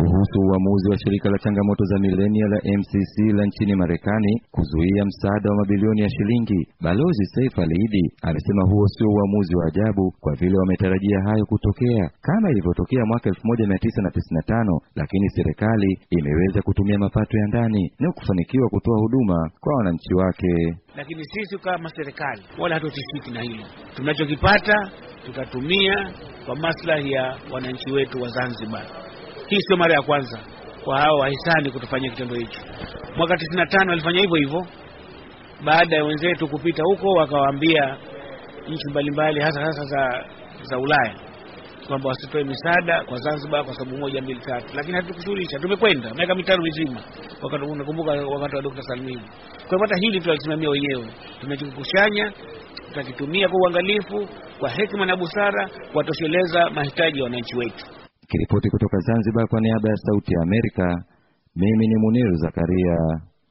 kuhusu uamuzi wa shirika la changamoto za milenia la MCC la nchini Marekani kuzuia msaada wa mabilioni ya shilingi. Balozi Saif Alidi amesema huo sio uamuzi wa ajabu kwa vile wametarajia hayo kutokea kama ilivyotokea mwaka 1995, lakini serikali imeweza kutumia mapato ya ndani na kufanikiwa kutoa huduma kwa wananchi wake. Lakini sisi kama serikali wala hatutishiki na hilo, tunachokipata tutatumia kwa maslahi ya wananchi wetu wa Zanzibar. Hii sio mara ya kwanza kwa hao wahisani kutufanyia kitendo hicho. Mwaka 95 walifanya hivyo hivyo, baada ya wenzetu kupita huko, wakawaambia nchi mbalimbali, hasa hasa za, za Ulaya kwamba wasitoe misaada kwa Zanzibar kwa sababu moja mbili tatu, lakini hatukushughulisha. Tumekwenda miaka mitano mizima, nakumbuka wakati wa Dr. Salmin. Kwa hivyo hata hili tulisimamia wenyewe, tumekikushanya, tutakitumia kwa uangalifu, kwa hekima na busara, kuwatosheleza mahitaji ya wananchi wetu. Kiripoti kutoka Zanzibar kwa niaba ya Sauti ya Amerika, mimi ni Muniru Zakaria.